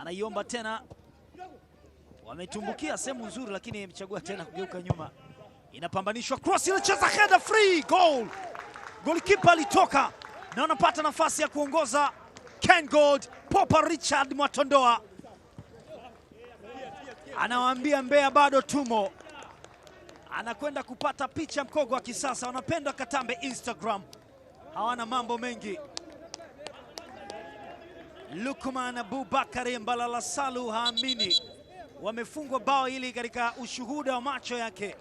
Anaiomba tena, wametumbukia sehemu nzuri, lakini imechagua tena kugeuka nyuma. Inapambanishwa, cross ilicheza header free goal. Golikipa alitoka na wanapata nafasi ya kuongoza Gold Popa Richard Mwatondoa anawaambia Mbeya bado tumo, anakwenda kupata picha mkogo wa kisasa. Wanapenda Katambe Instagram, hawana mambo mengi. Lukman Abubakari Mbalala Salu haamini, wamefungwa bao hili katika ushuhuda wa macho yake.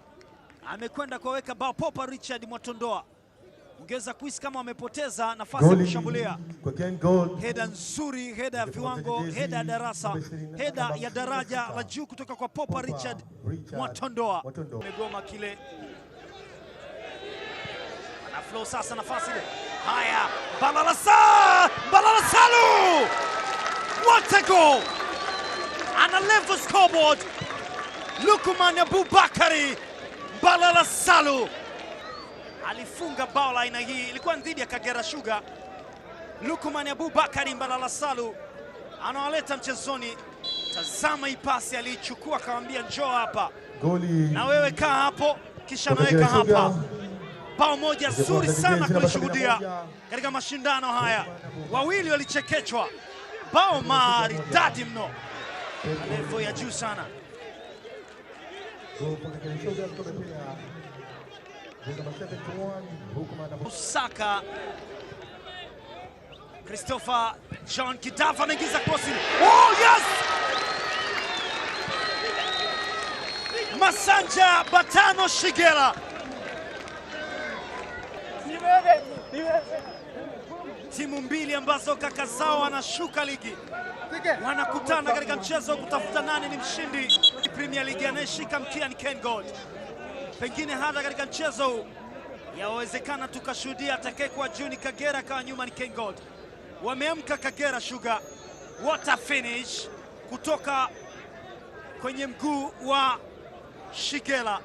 Amekwenda kuweka bao popa Richard Mwatondoa, ungeweza kuhisi kama wamepoteza nafasi ya kushambulia. Heda nzuri, heda ya viwango, heda ya darasa, heda ya daraja la juu kutoka kwa popa Richard Mwatondoa. Amegoma kile flow sasa, nafasi ile. Haya, Mbalala Salu What a goal! And a level scoreboard. Lukumanya Abubakari Balala Salu alifunga bao la aina hii, ilikuwa dhidi ya Kagera Sugar. Lukman Abubakari Balala Salu anawaleta mchezoni. Tazama hii pasi aliichukua, akamwambia njoo hapa na wewe kaa hapo, kisha naweka hapa bao moja zuri sana kulishuhudia katika mashindano haya. Wawili walichekechwa bao maridadi mno, levo ya juu sana. Usaka Christopher John Kidafa ameingiza krosi. Oh, yes! Masanja Batano Shigela Timu mbili ambazo kaka zao wanashuka ligi wanakutana katika mchezo wa kutafuta nani ni mshindi Premier League anayeshika mkia ni Ken Gold. Pengine hata katika mchezo huu yawezekana tukashuhudia atakayekuwa juu ni Kagera, akawa nyuma ni Ken Gold. Wameamka Kagera Sugar, what a finish kutoka kwenye mguu wa Shigela.